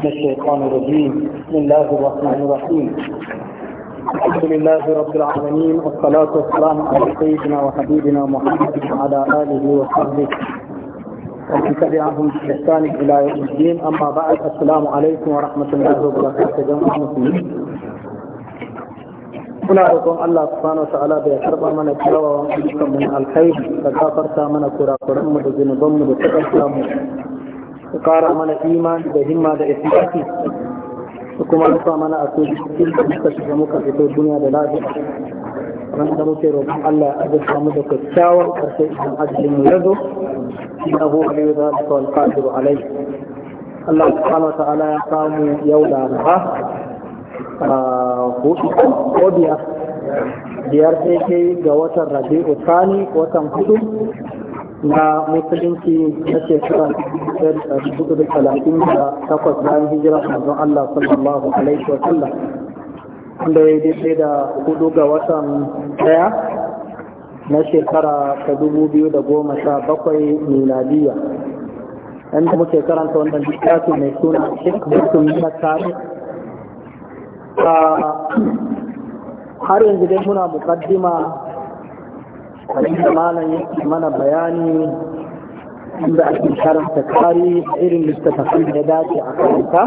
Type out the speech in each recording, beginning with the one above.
من الشيطان الرجيم بسم الله الرحمن الرحيم الحمد لله رب العالمين والصلاة والسلام على سيدنا وحبيبنا محمد وعلى آله وصحبه ومن تبعهم بإحسان إلى يوم الدين أما بعد السلام عليكم ورحمة الله وبركاته جميع المسلمين هنا roƙon الله سبحانه وتعالى da من karba ومن الخير ayyukan من alkhairi da gafarta mana kurakuran ka kara mana imani da himma da ikhlasi da kuma rufa mana a soji cikin da muka shiga muka fito duniya da lafiya ran da muke roƙon Allah ya azurta mu da kyakkyawan ƙarshe idan ajalin mu ya zo innahu aliyu zalika wal qadiru alai Allah subhanahu wa ta'ala ya samu yau da ha hudu ko biyar biyar sai ga watan rabi'u Sani, watan hudu na musulunci na shekara dubu da talatin da takwas bayan hijira manzon Allah sallallahu alaihi wa sallam da ya daidai da hudu ga watan daya na shekara ta dubu biyu da goma sha bakwai miladiya inda muke karanta wannan littafi mai suna shirk mutum na tare har yanzu dai muna mukaddima abin da malam yake mana bayani inda ake karanta kari irin littattafai da dace a karanta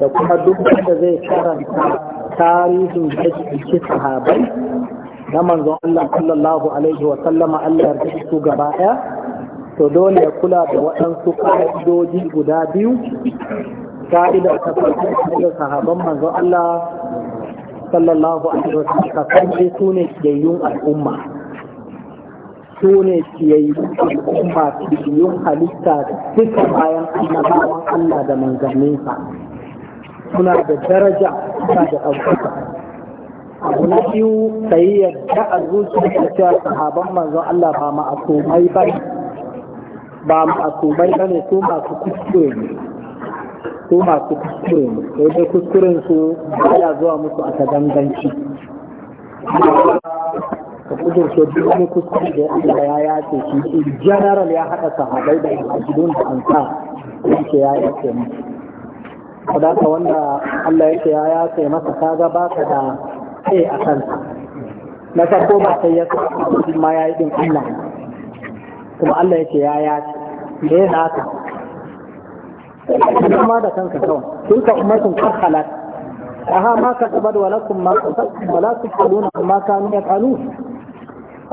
da kuma duk da zai karanta tarihin hajji sahabai na manzon Allah sallallahu alaihi wa sallama Allah ya su gaba ɗaya to dole ya kula da waɗansu ƙa'idoji guda biyu ka'ida ta farko da sahaban manzon Allah sallallahu alaihi wa sallam kasance su ne yayyun al'umma su ne ciyayyu masu biyun halitta duka bayan annabawan Allah da manzanninsa suna da daraja suna da ɗaukaka abu na biyu sai yadda a zuciya cewa sahaban manzo Allah ba ma'asumai ba ba ma'asumai ba ne su masu kuskure ne su masu kuskure ne sai dai kuskuren su ya zuwa musu a ta ganganci ka kudurce duk wani kuskure da ya da ya yace shi in general ya haɗa sahabai da mu'ajidun da ansa yake ya yace mu wadaka wanda Allah yake ya yace masa kaga baka da sai a kansa na farko ba sai ya sa ma ya yi din Allah kuma Allah yake ya yace me ya haka kuma da kanka kawai sun ummatun qad khalat aha ma kasabat wa lakum ma kasabat wa la tusaluna amma kanu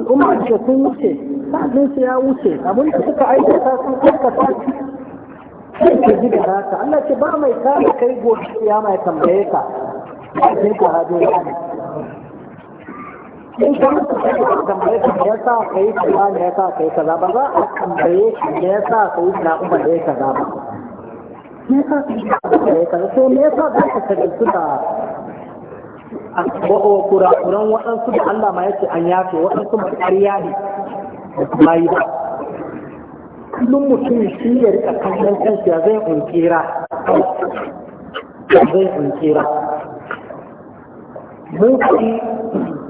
al'umma ce sun wuce sa'adin su ya wuce abin da suka aikata sun aikata sai ke ji da haka Allah ce ba mai kare kai gobe ya mai tambaye ka cikin sahabi ya ne in ka mutu kai ka tambaye ka ya sa ka yi kaza ne ya sa ka yi kaza ba za a tambaye shi ne ya sa ka yi na umma da ya kaza ba me yasa ka yi kaza so me yasa za ka kaji su da kura-kuran waɗansu da Allah ma yace an yafe waɗansu ma ƙarya ne ba yi ba kullum mutum shi ya rika kallon kansa ya zai unkira ya zai unkira mun kaɗi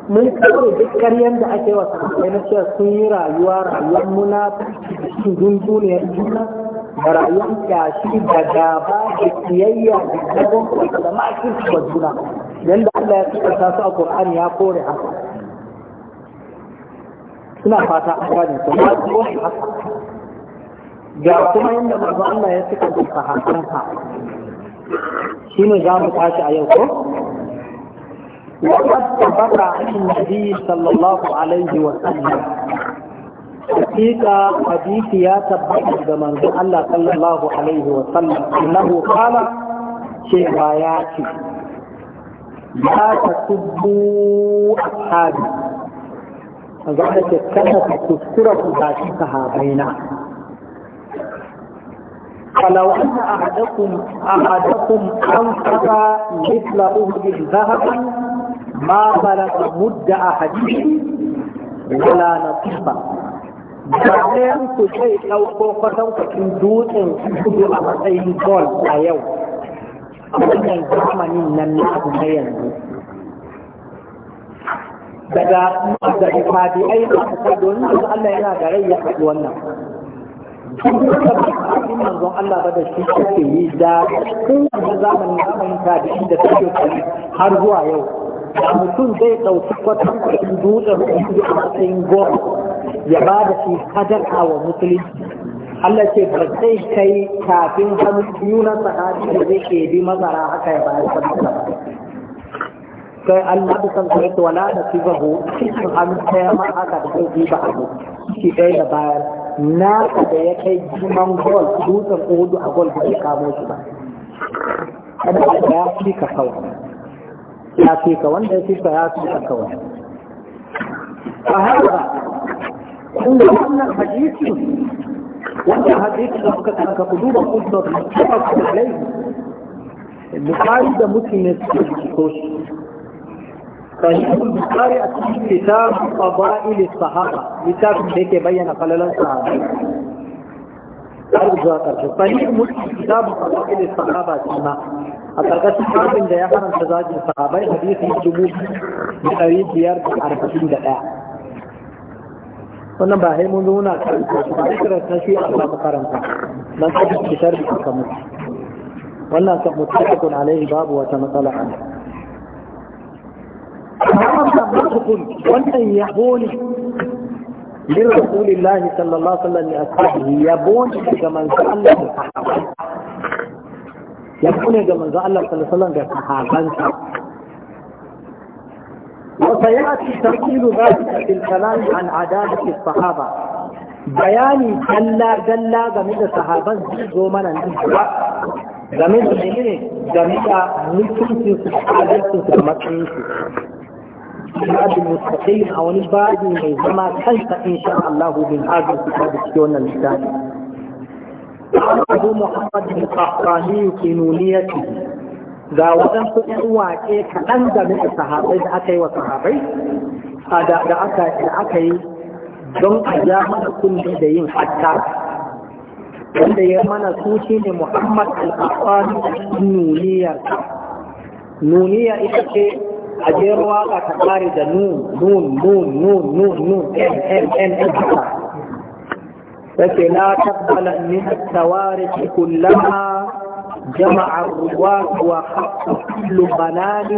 mun kare duk ƙaryan da ake wa sahabbai na cewa sun yi rayuwa rayuwar muna cikin dunduniyar juna da rayuwar kyashi da gaba da kiyayya da gabon da makirci ba juna yanda Allah ya tsakanta su a Qur'ani ya kore haka suna fata an gane su ya kore haka ga kuma yanda manzo Allah ya tsakanta sahabbansa shi ne za mu tashi a yau ko وقد ثبت Sallallahu alaihi wa sallam. عليه وسلم حقيقة حديث يا تبقى زمن الله صلى الله عليه وسلم إنه قال شيء ce. ba ta tubu ashabi manzo Allah ce kada ku kuskura ku tashi sahabaina فلو أن أحدكم أحدكم أنفق مثل أهد ذهبا ما بلغ مد أحدهم ولا نصيبا bayan ku zai ɗauko kwatankwacin dutsen kudu a matsayin gol a yau wannan zamanin nan na abu na yanzu daga a tabi'ai da aka kai domin yanzu Allah yana da rai ya faɗi wannan Abin manzon Allah ba da shi ke yi da kowane zamanin zamanin tabi'in da take kai har zuwa yau da mutum zai ɗauki kwatan kuɗin dutsen kuɗi a matsayin goma ya ba da shi sadaka wa musulunci Allah ce ba kai kafin hannu biyu na sahabi da zai ke bi mazara haka ya bayar sadaka ba. Kai Allah da san kuma ta wala da sibahu cikin hannu ɗaya ma haka da zai bi ba abu Ki ɗaya da bayar naka da ya kai jiman gol dutsen uhudu a gol da ya kamo shi ba. Kada Allah ya fi ka kawai. Ya fi ka wanda ya fi ka ya fi ka kawai. A haka, kun wannan hadisin wannan hadisi da muka tsaka ku duba kudus da kuma ku alai bukari da muslim su ko shi sahihul bukari a cikin kitab fadail sahaba littafin da yake bayyana falalan sahaba har zuwa karshe sahihul muslim kitab fadail sahaba kuma a ƙarƙashin babin da ya haramta zagin sahabai hadisi dubu da ɗari biyar da arba'in da ɗaya wannan ba hai mun zauna karanta shi ba karanta shi a ba karanta dan ka ji sharri ka mutu wannan ta mutakun alaihi babu wata matsala a wannan yabo ne min rasulillahi sallallahu alaihi wasallam ya ashabihi yabo ne ga manzo Allah da sahaba yabo ne ga manzo Allah sallallahu alaihi wasallam ga sahabansa وسيأتي تفصيل ذلك في الكلام عن عدالة الصحابة بياني دلا دلا جميل الصحابة زي من الجوا جميل الجميل جميل ممكن تسألين تسمعين الكتاب المستقيم أو نبادي من زمان خلق إن شاء الله من هذا الكتاب السيون الثاني أبو محمد القحطاني في نونيته ga waɗansu ɗan waƙe kaɗan game da sahabai da aka yi wa sahabai da aka yi don a ja mana kundi da yin hatta wanda ya mana su shi ne muhammad al-afani nuniyar nuniya ita ce a jero waka ta da nun nun nun nun nun nun n n n n haka take la tabbala min at-tawarikh kullama جمع الرواة وخط كل ضلال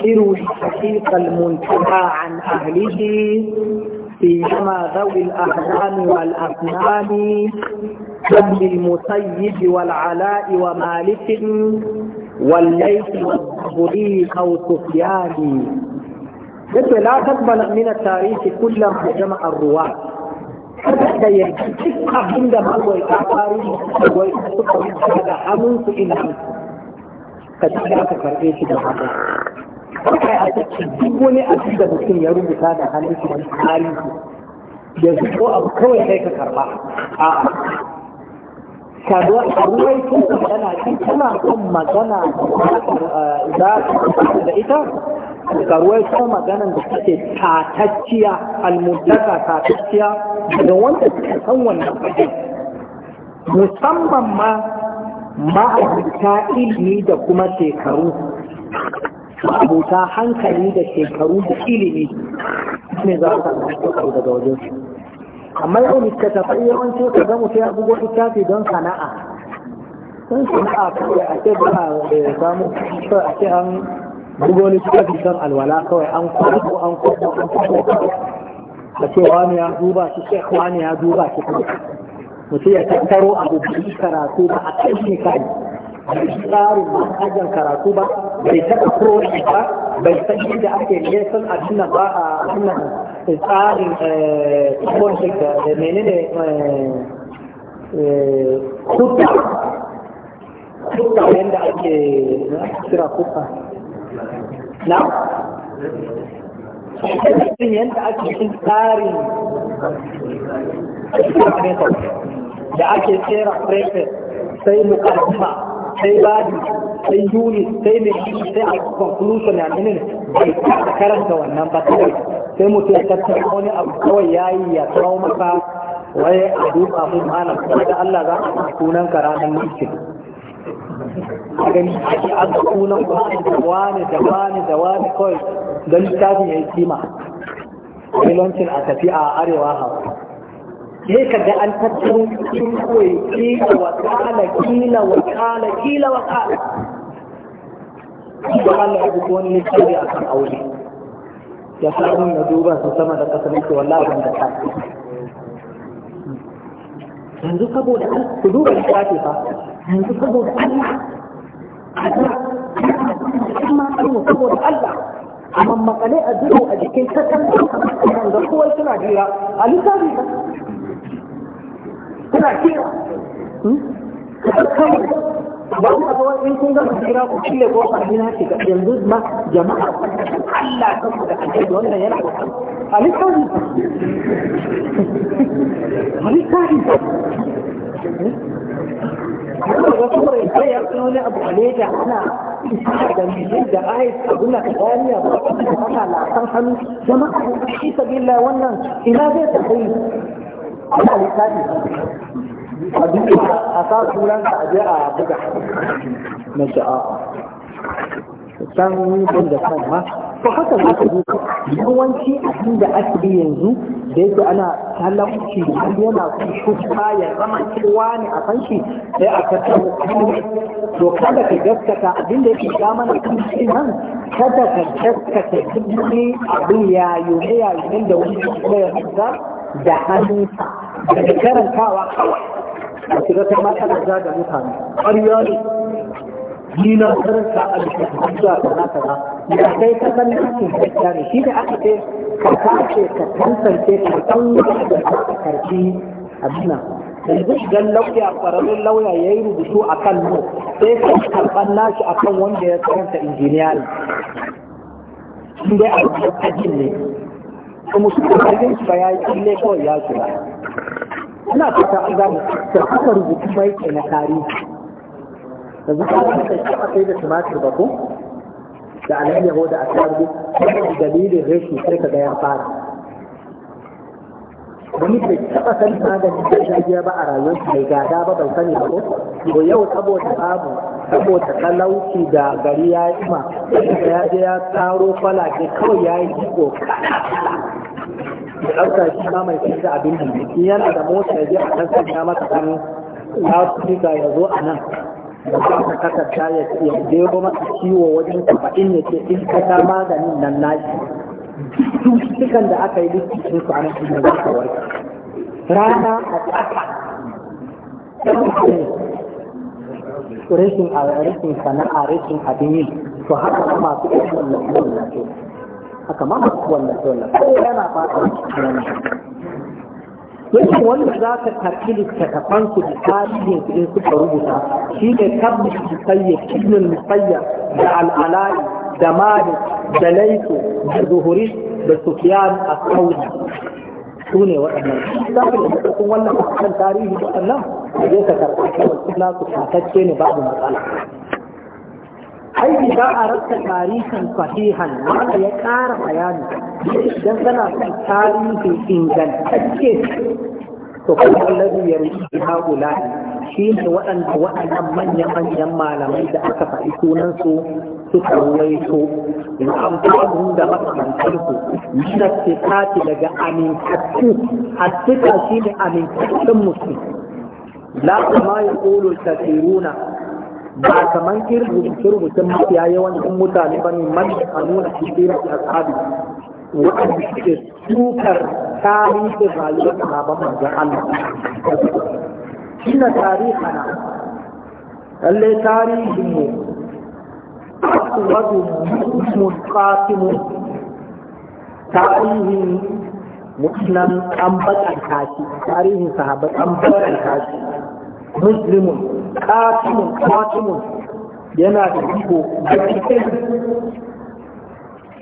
اروي حقيق المنتهى عن اهله فيهما ذوي الاهلام والافنان كم المسيب والعلاء ومالك والليث والزهري او سفيان لا تقبل من التاريخ كل ما جمع الرواه kada ka yarda duk abin da magoita faru magoita suka wuce da hannunsu ina ka ci da aka karɓe shi da haka kai a cikin duk wani abin da mutum ya rubuta da hannun hannunsu wani tarihi yanzu ko abu kawai sai ka karɓa a kaduwa a ruwai tun da magana tun tana kan magana za da ita ka ruwaito maganan da suke tatacciya almuntaka tatacciya daga wanda suka san wannan fage musamman ma ma'abuta ilimi da kuma shekaru ma'abuta hankali da shekaru da ilimi ne za su samu daga wajen su amma yau tafi yawanci ka ga mutum ya bugo littafi don sana'a sun sana'a kawai a ce ba a eh, samu a ce an buga wani cikin kan alwala kawai an kwanko an kwanko an kwanko a ce wani ya duba shi sai wani ya duba shi mutum ya tattaro a bai karatu ba a kan shi kai bai tsarin ajiyar karatu ba bai taɓa shi ba bai san yadda ake ne a tuna ba a tuna eh, tsarin kwanci eh, da menene eh, kuta kuta yadda ake kira kuta na yadda ake cikin tsarin da ake tsera prefer sai mukarfa sai badi sai unit sai mai sai a conclusion ya nuna bai karanta wannan ba sai mutum ya tattara wani abu kawai ya yi ya tsawo maka waye a duba mu ma'ana da Allah za a sunan ka mutum. mulkin a gani ake an sunan wani da wani da wani da wani kawai don littafin ya yi kima milancin a tafi a arewa hau sai ka ga an tattaro cikin kawai kila wa kala kila wa kala kila wa kala ba Allah ya buku wani littafi a kan aure ya samu na duba su sama da kasar yake wallahi ban da ta yanzu saboda ku duba littafi fa yanzu saboda Allah a da kuma kuma saboda Allah amma makale a duhu a jikin kasan da kowai suna jira a lissafi ba suna jira hmm? ba ku a kawai in kun gama jira ku cille ko a jina ce yanzu ma jama'a Allah saboda Allah wannan yana a lissafi ba a lissafi ba sai wani abu a leda ana da mijin da ayat abuna kadaniya ba ana lasan hannu jama'a shi sabila wannan ina zai tafi ana lissafi a duka a sa turan ka aje a buga na sha'a san ban da kan ma to haka za ka duka yawanci abin da ake bi yanzu da yake ana talauci yana kuka ya zama kowa ne a san shi sai a tattara to kada ka gaskata abin da yake ga mana shi nan kada ka gaskata duk abin ya yi ya yi da wani kuma ya da hannunsa da karantawa kawai a shiga ta matsala da mutane ƙarya ne ni na karanta a jikin zuwa kaza ba, da kai ka san nakin gaskiya ne shi ne aka ce ka tace ka tantance ka san da ka karbi abina yanzu idan lauya kwararren lauya ya yi rubutu a kan mu sai ka karɓar nashi a kan wanda ya karanta injiniyari in dai a rubutun ne kuma su karɓar shi ba ya yi kille kawai ya kira ina fata an gane ta haka rubutu bai ke na tarihi yanzu ka ba ka taɓa kai da tumatir ba ko da alayyaho da asarbi dalilin rashi sai ka gaya ya fara wani bai taɓa san maganin gargajiya ba a rayuwarsa mai gada ba bai sani ba ko to yau saboda babu saboda talauci da gari ya yi ma ya je ya taro kwalaje kawai ya yi jiko kala da ɗauka shi ma mai fita abin da yana da mota ya je a ɗan sanya masa ɗan ya ya zo a nan da ka takarda ya debo masa ciwo wajen saba'in ya ce in ka sha maganin nan nashi cikin da aka yi sun su ana cikin da aka warka rana a tsaka rashin rashin sana'a rashin abin yi to haka ma masu ɗan wallafe wallafe haka ma masu wallafe wallafe yana ba a cikin yake wanda za ka karɓi littattafan su da tarihin su in suka rubuta shi ne tabbis musayyar ibn musayyar da al'ala'i da malik da laifu da zuhuri da sufiyan a sauri su ne waɗannan za ka yi sun wannan kan tarihi waɗannan da zai ka karɓi kawai suna su tatacce ne babu matsala ai idan a rasa tarihin sahihan wanda ya ƙara bayani dan kana son tarihi ingantacce to kuma ya rubuta haula shi ne waɗanda waɗannan manya-manyan malamai da aka faɗi sunansu suka ruwaito da amfanin da makamantarsu na sifati daga amintattu hattika shi ne amintattun musu la kuma ya ta tafiruna ba kaman irin tun rubucen mafiya yawancin mutane ba ne man a nuna shi a ashabi waɗanda suke sukar tarihin rayuwar sahabban manzon Allah shine na? lalle tarihin mu aswadu mun qatimu tarihin mutunan an bakanta shi tarihin sahabar an al-kashi. shi muslimun qatimun qatimun yana da iko da cikin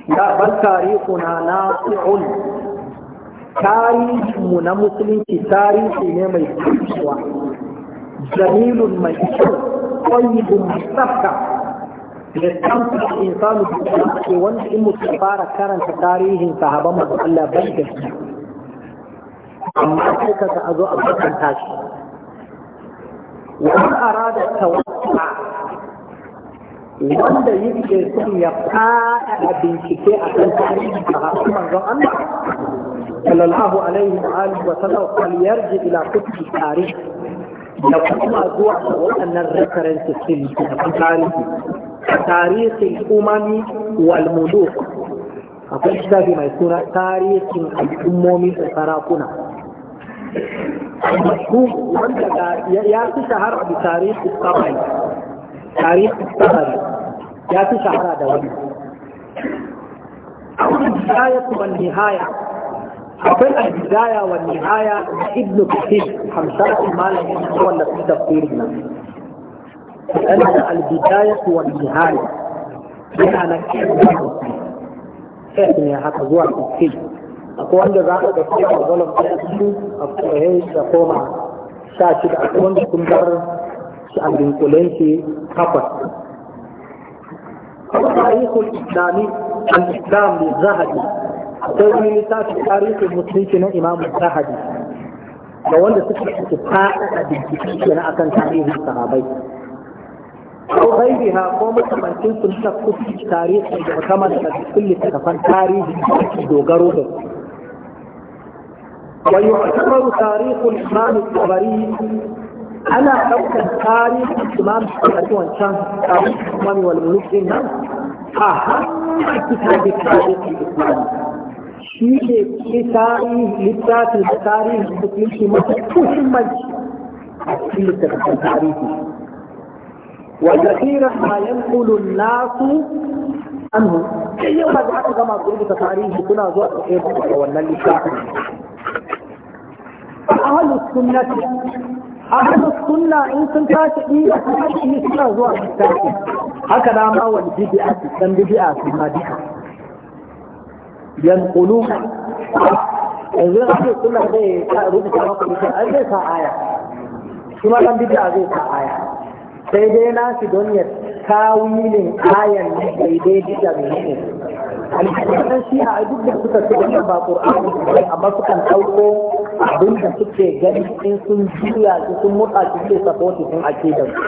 da bal tarihuna nasi'un tarihinmu na musulunci tarihi ne mai kusurwa jamilun mai kyau ƙwayibun mai tsafta da kamfan insanu da ke wanda in mutum fara karanta tarihin sahaban masu Allah bai da shi amma sai ka ga a zo a bakanta shi wani arada tawassu wanda yake son ya fara da bincike a kan tarihi da hasu manzon Allah sallallahu alaihi wa alihi wa sallam fal yarji ila kutubi tarihi da kuma zuwa ga waɗannan references din da tarihi tarihi umami wal muluk akwai kitabi mai suna tarihin al'ummomi da sarakuna wanda ya fi shahara da tarihi tsabai تاريخ الصحراء جاتو في دولي دولي البداية والنهاية أقول البداية والنهاية ابن كثير حمشاء المال هو اللي في تفسيرنا لأن البداية والنهاية هنا أنا كيف يا هذا هو كثير أقول اللي راح تفسير أقول في أسفل أقول أقول أقوم شاشد أقول كم shi a kulen shi takwas tarihul islami al-islam li zahabi akwai wani littafin tarihi musulunci na imamu zahadi da wanda suka suke faɗaɗa bincike na akan tarihin sahabai ko ha ko mutumancin sun ta kusa tarihi da kama da kulli takafan tarihi da dogaro da ويعتبر تاريخ الإمام الطبري ana ɗaukar tarihin imam a cikin wancan tarihin imam wal muluk din nan a hannun kitabin tarihin islam shi ne tarihin littafin da tarihin musulunci mafi muhimmanci a cikin littafin tarihi wa kafiran ma yanqulu nasu anhu sai yau ba za ku gama ku rubuta tarihi kuna zuwa ku kai wannan littafin a ahlus sunnati ahlus sunna in sun tashi ɗiba su tashi suna zuwa su tashi haka na ma wani bid'a su san bid'a su ma duka yanqulu yanzu ahlus sunna zai rubuta maka mutum an zai sa aya shi ma dan bid'a zai sa aya sai dai na shi don ya tawilin ayan daidai da mai alƙawarin shi a duk da suka ce wannan ba ƙur'ani ne amma sukan ɗauko abin da suke gani in sun juya su sun mutsa su ke sapoti sun ake da su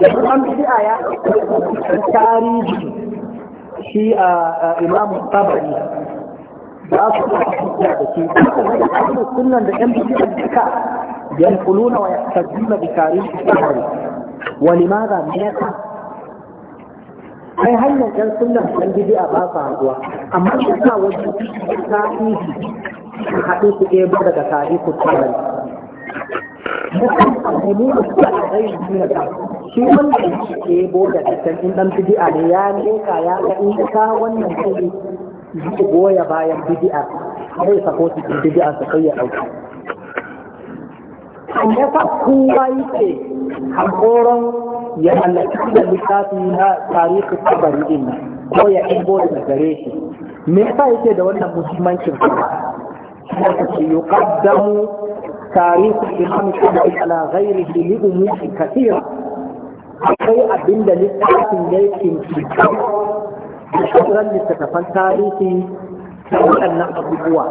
yanzu an bid'a ya tarihi shi a imamu tabari ba su da shi suka ga ainihin sunan da yan bid'a duka yankuluna wa yastajima bi tarihi tabari wa limadha ne ai hanyar ɗan sunan ɗan bidiya ba sa haɗuwa amma su sa wasu tarihi haɗu su ɗebo daga tarihi su Mutum da suka a rai duniya ta, shi wanda shi ke bo da ɗan indan ɗan bidiya ne ya leka ya ga in ka wannan kai zai goya bayan bidiya zai sako cikin bidiya su kai ya ɗauki. Amma fa yi yake hankoron ya mallaki da littafi na tarihi kabari din ko ya ɗigo da gare shi me yasa yake da wannan muhimmancin lokaci yuqaddamu tarihi imam shafi'i ala ghairihi li umuri kathira akwai abinda littafin ya kinci da sauran littattafan tarihi da waɗannan abubuwa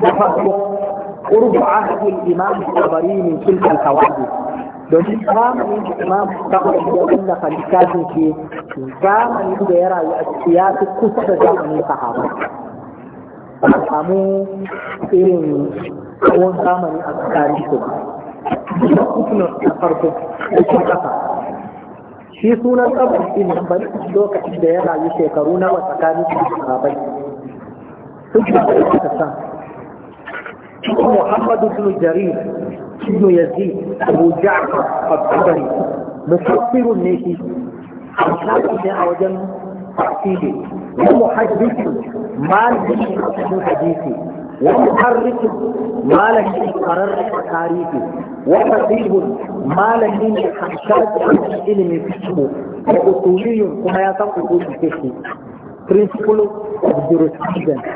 na farko قرب عهد الإمام الطبري من تلك الحوادث domin zamanin da imam sa'ad ya wallafa littafin shi zamanin da ya rayu a ciki ya fi kusa da zamanin sahaba a samu irin tsawon zamani a tsakanin su da kuma na farko da kuma kasa shi sunan tsabar shi bari lokacin da ya rayu shekaru nawa tsakanin su da sahabai sun da ta san محمد بن جرير بن يزيد أبو جعفر الطبري مفسر النبي عن الله أو جن تحصيله ومحدث ما بن حديثي ومحرك ما لك قرر تاريخي وحبيب ما لك من خمسات علم فيه وأصولي كما يتقل في الفقه principle of jurisprudence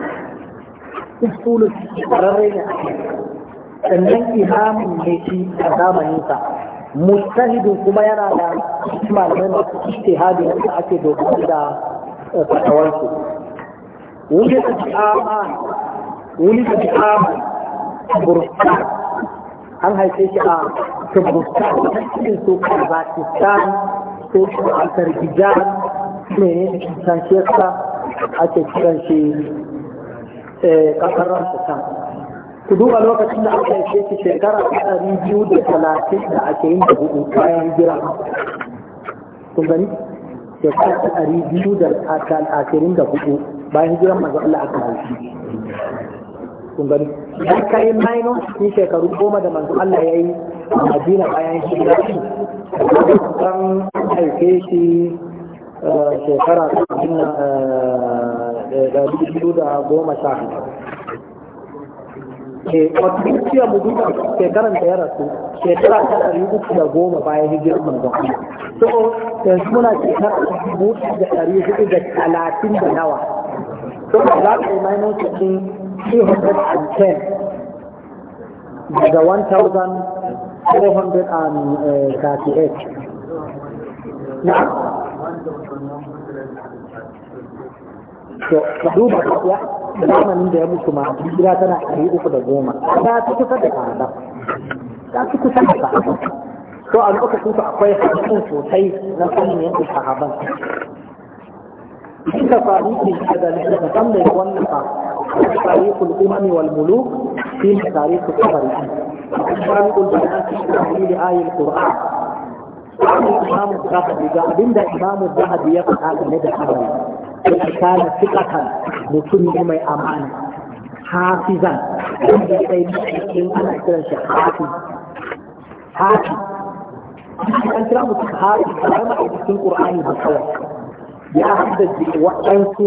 usulu ƙararre ne sannan imamin ne shi a zamaninsa mustahidin kuma yana da malamai masu istihadi da ake dogara da eh, fatawarsu wuri da ta'aman wuri da ta'aman burkan an haife shi a tabbata tabbustan cikin su kazakistan su shi a tarbijan ne ne cikin shekara ake kiran shi Eh, kasar Pakistan ku duba lokacin da aka yi shi shekara ɗari biyu da talatin da ake yin da hudu bayan jira kun gani shekara ɗari biyu da talatin da hudu bayan jiran maza Allah aka haifi kun gani ya kai maino shi shekaru goma da manzo Allah ya yi a Madina bayan shi da shi kan haife shi shekara eh, da biyu goma sha ke eh, matuƙiya mu duba shekaran da ya rasu shekara ta ɗari uku da goma bayan hijirar manzon so yanzu muna shekara ta dubu da ɗari hudu da talatin da nawa so za ka yi maimaitin ɗin 310 daga 1438 eh, na to ka duba ya zamanin da ya mutu ma hijira tana ɗari uku da goma ta ci kusa da tsada ta ci kusa da tsada to a lokacin su akwai hadisin sosai na sanin yankin sahaban suka faru ke da san littattafan wannan ya wallafa tarihul umami wal muluk fi tarihul kabari tarihul da ya ci shi da ayil qur'an Imam Zahabi ga abinda Imam Zahabi ya faɗa game da kabari da kana tikatan mutum ne mai amana hafizan wanda sai cikin ana kiran shi hafi hafi an kira mutum hafi kamar ma a cikin qur'ani ba kawai ya haddace waɗansu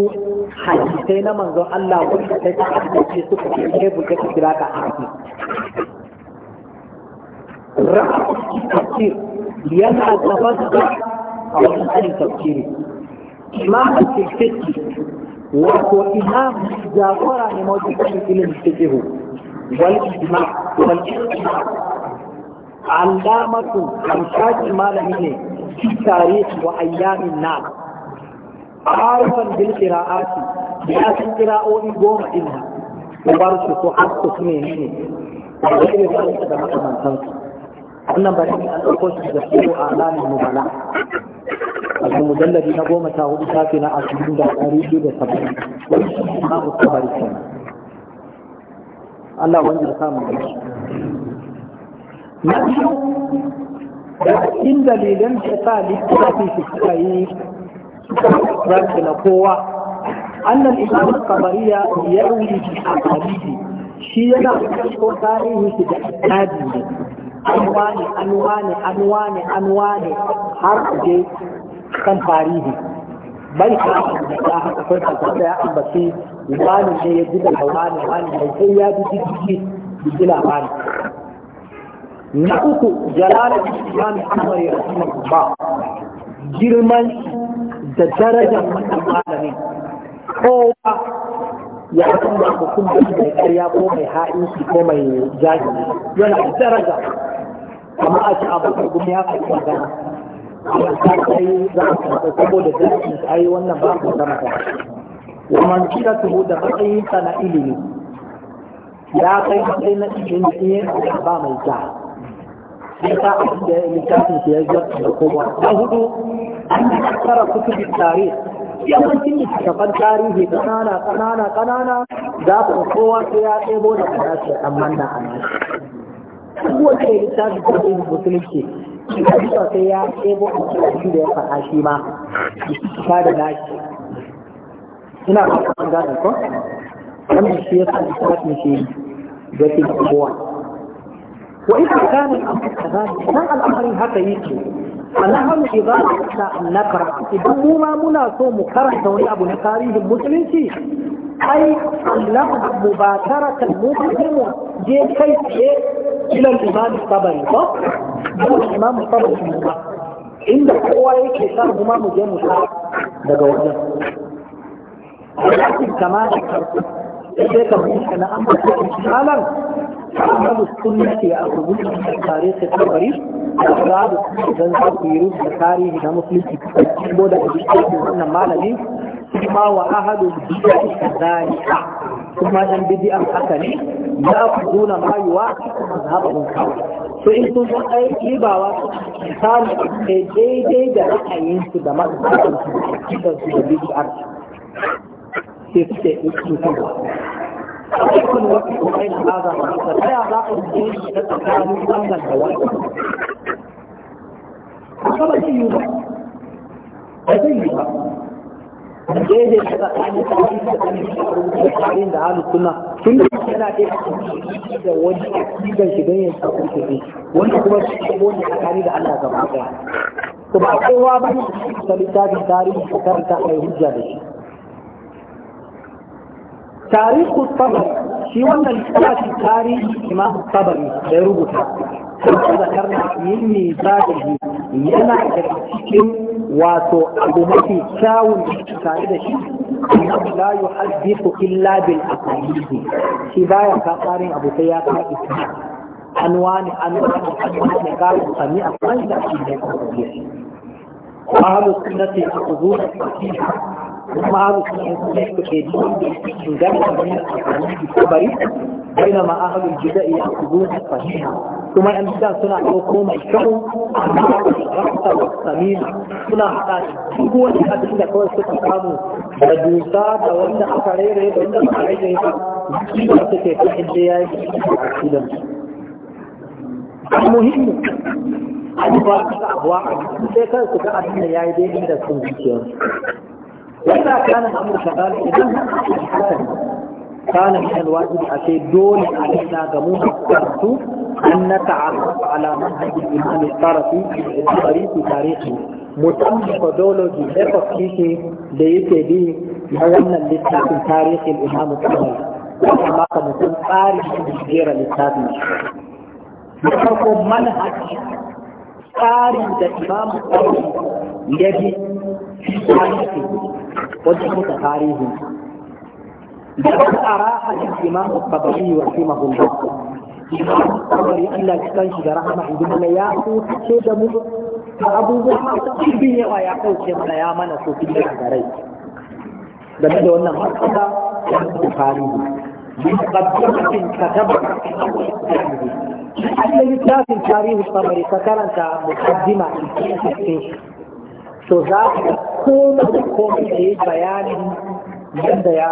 hadisai na manzon Allah wanda sai ta haddace suka ce ne buke ta kira ka hafi ra'a tafsir yana tafsir a wajen tafsiri imam al wa ko imam jagora ne mawajin ilimin fiqh wal ijma wal ijma allamatu amsaki malami ne fi tarihi wa ayyamin nas arfan bil qira'ati ya san qira'o'i goma din wa barsu bar su hakku ne ne da yake da makamantansu wannan ba shi an ɗauko shi da su a ranar mubala a cikin mujallabi na goma ta hudu safi na ashirin da ɗari biyu da saba'in na mustafa rikin Allah wani da samun da shi na biyu da cikin dalilan da sa littafi su suka yi rafi na kowa annan imam kabariya ya rubuta a kabiri shi yana ta yi shi da tsadi ne an wane an wane an wane an wane har je kan tarihi bai ka da haka kai ka da ya ambaci wani ne ya gida hawani wani wani ne sai ya bi jiki jiki labari na uku jalala imam amari ya rahimahullah girman da darajar wannan malamin kowa ya san da mutum da ya karya ko mai ha'inci ko mai jahili yana da daraja kamar a ci abokan gumi ya fi magana amma ta kai za a karɓa saboda su a yi wannan ba ku sama ta wa man kira tuhu da matsayin sa na ilimi ya kai matsayi na ilimi ne ba mai ja sai ta abin da littafin ya zarta da kowa na hudu an yi kara kutubin tarihi yawancin kafan tarihi ƙanana ƙanana ƙanana za ku kowa sai ya ɗebo da kanashi amma na a nashi abubuwan da ya yi tafi da yin musulunci a bisa sai ya ɗebo a cikin da ya faɗa shi ma ta da nashi ina fatan gane ko wannan shi ya sa littafin shi ga kowa wa ita kana al-amr nan al-amrin haka yake فنحن إذا أردنا أن نقرأ إذا ما منا سوم كره دوني أبو نقاريه المسلمين أي أنه مباشرة المسلم جي كيف إلى الإمام الطبري صح؟ هو الإمام الطبري في المبارك عند هو يكي صار امام مجين مشاعر ده جواب ولكن كمان ابو كان أنا أمر حالا أهل السنة يأخذون من تاريخ الطبري أفراد السنة يرون هنا مسلم بودا الاجتماع من مالذي kuma wa ahadu bid'ati kadhalika kuma dan an haka ne ya kuduna ma yuwa to in sun san ai ribawa samu daidai da ra'ayin su da mazhabun su da su da bid'ar sai suke ikkiwa ويكون وقت بين هذا والحسد ba yi ba. daidai da tsakanin tsakanin tsakanin tsakanin da halin kuma tun da yana daidai da wani akidan shi don yin sakon shi wanda kuma shi ne wani tsakani da Allah gaba daya to ba kowa ba ne ta littafin tarihi ta karanta kai hujja da shi tarihu tabari shi wannan littafin tarihi imam tabari da ya rubuta sai da karna yin ne zagaye yana da cikin wato abu mafi kyawun tare da shi annahu la yuhaddithu illa bil aqalihi shi baya ka abu sai ya ka isma anwani anwani anwani ka sami a kan da shi ne ka rubuce ahlu sunnati yaquduna kuma ahlus sunna sun yi ji inganta ne a kan kabari bainama ahlul bid'ah yaqbun fahiha kuma yan bid'ah suna dauko mai kyau amma rafta wa samima suna hada duk wani hadin da kawai suka samu da dusa da wanda aka rere da wanda aka rere ba da suke ta inda ya yi a cikin muhimmi an ba su abuwa sai kai su ga abin da ya yi daidai da sun zuciyarsu وإذا كان الأمر كذلك إذا حسن كان من الواجب أتي دون علينا دمونا كرت أن نتعرف على منهج الإمام الطرفي الإخباري في تاريخه مسمى فدولوجي لفظ كيكي ليكي دي يغنى اللسنة تاريخ الإمام الطرفي وكما كمتم تاريخ الهجيرة للتابي يترك منهج تاريخ الإمام الطرفي يجي tarihi wajen suka tarihi da tsara hadin imam al-tabari wa rahimahullah imam al-tabari Allah ya kan shi da rahama idan ya kuce da mu da abubuwa masu cikin yawa ya kauce mana ya mana so cikin da rai game da wannan matsala ya su tarihi من قدمة كتبها في أول التاريخ. هل للتافي التاريخ الطبري فكرت to za ka koma da komai da ya yi yadda ya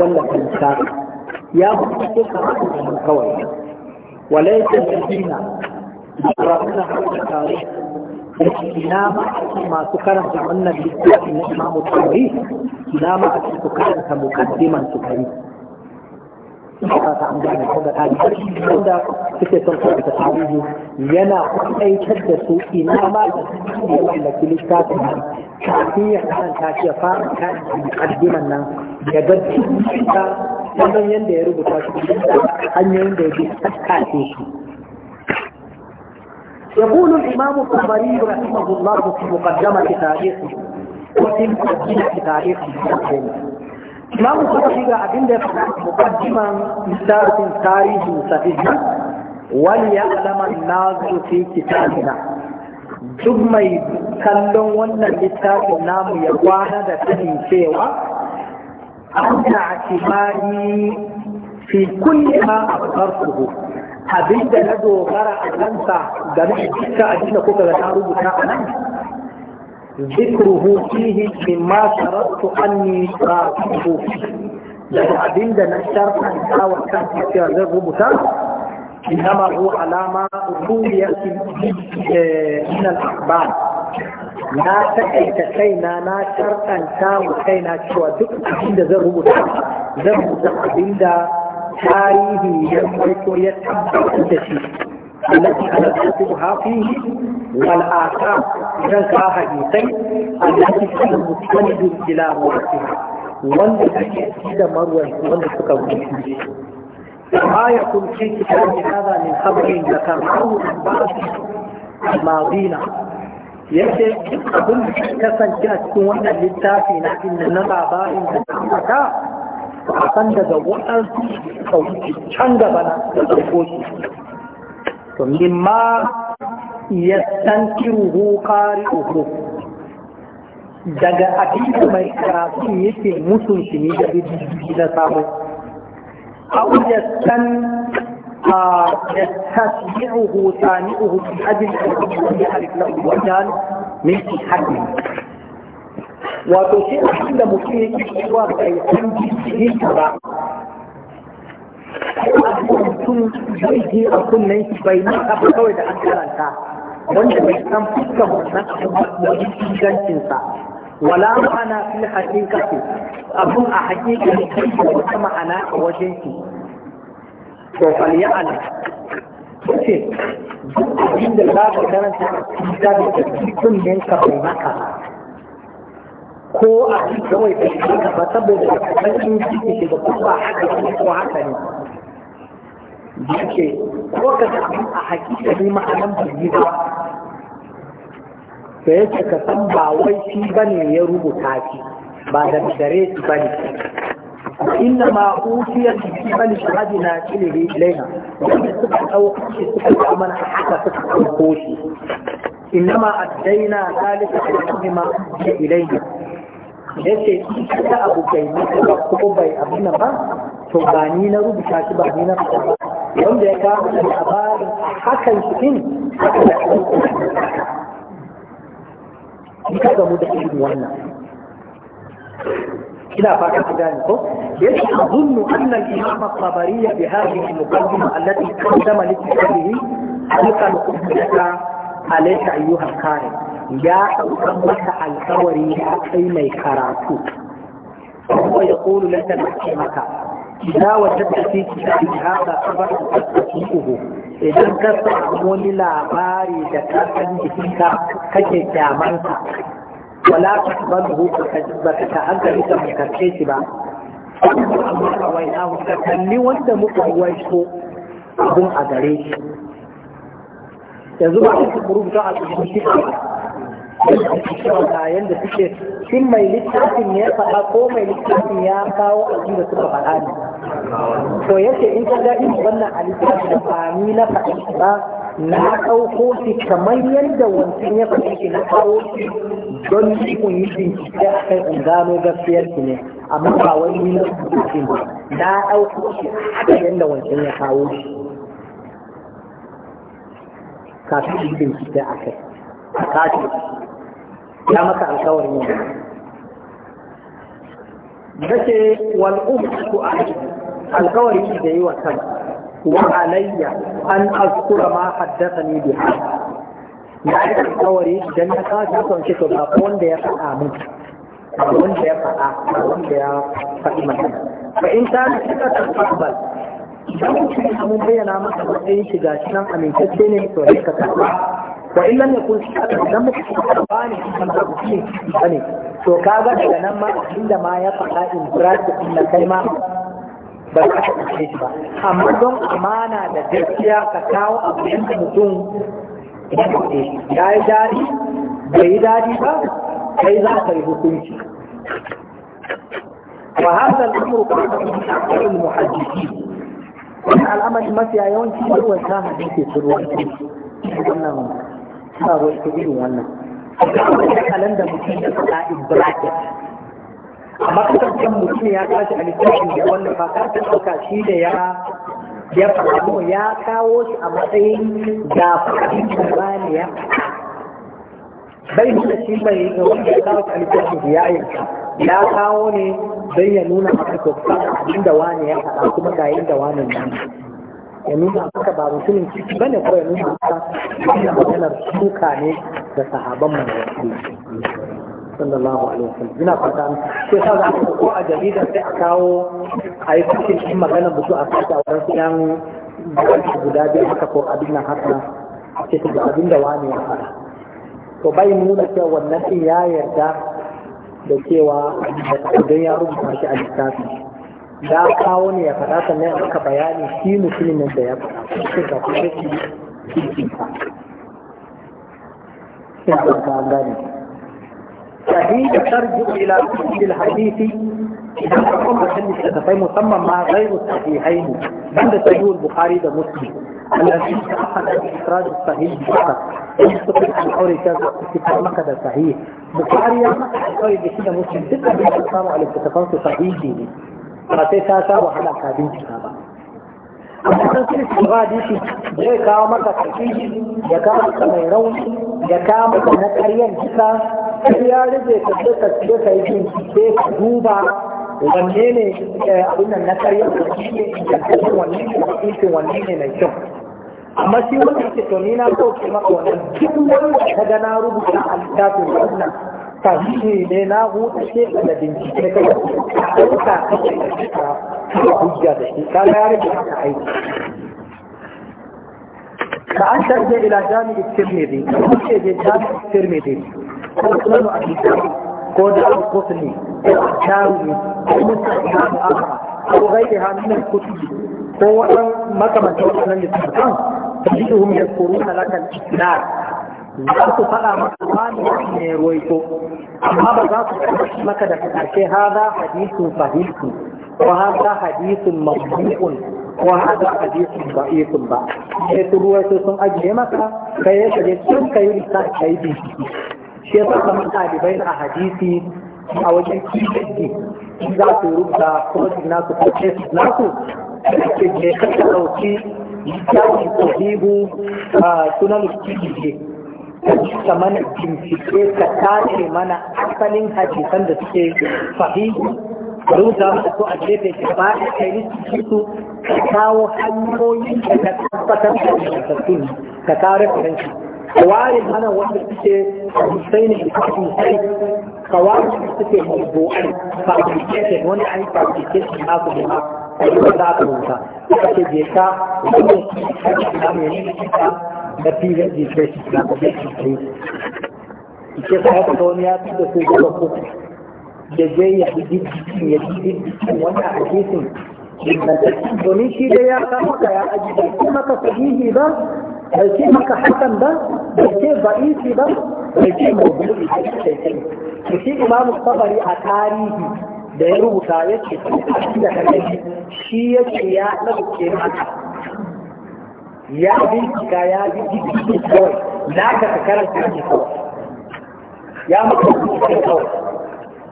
wallafa littafi ya fito ka haka kawai walaikin jina rabuna haka tare ina ma masu karanta wannan littafi na imamu tarihi ina ma a cikin karanta mukaddiman su kari fata an gane yana kwaikar da su ina ma da su littafin kafin ya karanta fara kan addinan nan ya ga cikinta wannan yadda ya rubuta shi hanyoyin da ya bi shi يقول الإمام الطبري رحمه الله في مقدمة تاريخه وفي مقدمة تاريخه imamu mu shi ga abin da ya faɗa mukaddiman misalin tarihin safiya wani ya alama nazu fi kitabina duk mai kallon wannan littafin namu ya kwana da sanin cewa ana akimani fi kulle ma abin abinda na dogara a kansa game da a abinda kuka ga ta rubuta a nan ذكره فيه مما شرطت اني تركته لأن أبين دان الشرطة إساوة كان في سيارة الربطة إنما هو علامة أقول يأتي من الأخبار لا تأتي كينا نا شرطة إساوة كينا شوى ذك أبين دان الربطة ذك أبين دان تاريه التي أنا أكتبها فيه والآثار إذا كاها إنسان التي كان مستند إلى مرسها wanda ake ci da marwai wanda suka ما يكون في كتاب هذا من خبر ذكرناه عن بعض الماضينا yace duk abin da kasance a cikin wannan littafi na inda na labarin da ta a san daga waɗansu kauci can gaba da ɗauko to mimma yastankiruhu qari'uhu daga abinda mai karatu yake musun shi ne da bibi na samu aw yastan a yastasbi'uhu sami'uhu bi ajli al-ibadi al-lahu wajen min hadmi wato shi abinda mutum yake cewa bai san jikin ba mutum zai je a kunnen shi bai ni abu kawai da an karanta wanda bai san fuskan wannan abu da ingancinsa wala ma'ana fil haqiqati abun a haƙiƙa ne kai da wata ma'ana a wajen shi to fal ya'al ce duk abin da za ka karanta a cikin da kunnen ka bai maka ko a cikin kawai da shi ka ba saboda da kan ciki da kuma haka ko haka ne yake ko ka abin a hakika ne ma'anan bai Sai da yake ka san ba wai shi bane ya rubuta shi ba da dare shi bane inna ma utiya shi bane shahadi na ilimi ilaiha wanda suka dauka shi suka amana mana haka suka dauko shi ma أدينا ذلك بما أدي yake shi ta abu bai mutu ba kuma bai abin ba to ba ni na rubuta shi ba ni na fita ba wanda ya kawo da labarin hakan cikin haka da ni ka gamu da irin wannan ina fata ku gane ko yace azunnu anna al-imam at-tabari bi hadhihi al-muqaddimah allati qaddama li kitabihi alqa al-qudra alayka ayyuha al-qari ya daukan maka alkawari kai mai karatu ko ya kulu lantar maka إذا وجدت في كتاب هذا خبر فتصدقه idan ka samu wani labari da ka san jikinka kake kyamarsa wala ta tabaru ba ka ta hankali ka karce shi ba amma kawai na ka kalli wanda muka waito abun a gare shi yanzu ba a cikin rubuta a cikin shi ba yadda suke shin mai littafin ya faɗa ko mai littafin ya kawo abin da suka faɗa ne to yake in ka ga in wannan a littafin da ba ni na faɗi ba na ɗauko shi kamar yadda wancan ya faɗa shi na kawo shi don kun yi bincike a kan in gano gaskiyar shi ne amma ba wai ni na shi ba na ɗauko shi haka yadda wancan ya kawo shi kafin yi bincike a kai kafin ya maka alkawarin yi nake wal umtu ahdi alkawarin da yi wa kan wa alayya an azkura ma haddasa ne da ake alkawari idan ya kawo shi son to ba wanda ya faɗa min wanda ya faɗa ba wanda ya faɗi mata Ba in ta na kika tabbal idan mutum ya mun bayyana masa matsayin shi nan amintacce ne to ne ka tabbata وإن لم يكن لم يكن to kaga daga nan ma inda ma ya faɗa in practice kai ma ba za ka ɗauke shi ba amma don amana da gaskiya ka kawo abin da mutum ya yi dari bai yi dadi ba Sai za ka yi hukunci wa hada al'amur kuma da muhaddisi wani al'amari mafiya yawanci ruwan sa hadisi su ruwan wannan ba wai ita irin wannan kalan da mutum ya faɗa in bracket amma kasancen mutum ya kashi a littafin da wannan ba ka ta ɗauka shi da ya ya faɗa ya kawo shi a matsayin da faɗin Qur'ani ya bai nuna shi bai ga wanda ya kawo shi a littafin da ya yi ya kawo ne don ya nuna a kasa da wani ya faɗa kuma ga da wani nan ya nuna maka ba mutumin ciki ba ne kawai nuna maka wannan maganar suka ne da sahaban manzanni sallallahu alaihi wasallam ina fata sai sa za ko a jarida sai a kawo a yi kuke cikin maganar mutu a sata wajen siyan yan guda biyu haka ko abin nan haka ce ta abin da wani ya fara to bai nuna cewa wannan ya yarda da cewa don ya rubuta shi a littafi ya kawo ne ya faɗa sannan a maka bayani shi mutumin nan da ya faɗa da kuma shi فهي ترجع إلى كتب الحديث إذا حكم بحل الصحيحين مسمى ما غير الصحيحين عند صحيح البخاري ومسلم الذي تأخذ إخراج الصحيح فقط يستطيع أن أوري كذا كتاب مكة صحيح بخاري مكة صحيح بكذا مسلم تلك بالأسلام على الكتابات صحيح ديني ba sai ta sha wahala ka bincika ba amma kan sai su ba dishi zai kawo maka karfi ya kawo maka mai rauni ya kawo maka na karyan jika sai ya rage ka je ka je ka yi bincike ka duba wanne ne eh, abin nan na karyan karfi ne da karfin wanne ne da karfin wanne ne mai kyau amma shi wani ke to ni na so ke maka wannan duk wani ka ga na rubuta a littafin wannan tarihi ne na hudu ce da bincike kai ɗauka da hujja da shi ka ya rage haka aiki ka an tarje ila jami'i tirmidhi ko ce je jami'i tirmidhi ko sunan abi dawud ko da al-qutni ko al-jami ko mustaqbal al-akhra ko ghayriha min al-kutub ko wadan makamantan wannan littafin تجدهم يذكرون لك الإسلام za su faɗa maka wani ne roiko amma ba za su faɗa maka da ƙarshe za hadisun fahimtu ko za hadisun mabu'un ko za hadisun ba'ifun ba sai su ruwaito sun ajiye maka kai ya shige sun kai ka kai bincike shi ya saka mun ɗalibai a hadisi a wajen kiyaye za su rubuta kwamfani nasu ko tesis nasu ke kasa ɗauki ya ce sahibu sunan kiyaye ka mana bincike ka tace mana asalin hadisan da suke sahihi rubuta masa su a gefe ka ba da kai su ka kawo hanyoyin da ka tabbatar da hadisan ka kawo referensi kawai mana wanda suke hussein da suke hussein kawai da suke mabu'ai fabricated wanda an yi fabrication na su da ba da aka rubuta ka ce je ka wanda suke hajji na mai ne na period depression na population ɗin ke sa haka wani ya fi da su gaba kuku da zai ya fi jikin ya fi jikin wani a jikin domin shi da ya ka maka ya aji Ba shi maka sahihi ba bai ce maka hakan ba bai ce ba'isi ba bai ce mabudi ba shi kai to shi imamu sabari a tarihi da ya rubuta ya ce shi da kai shi ya ce ya ɗauke maka ya bincika ya bi kawai na ka ka karanta ne kawai ya maka jiki kawai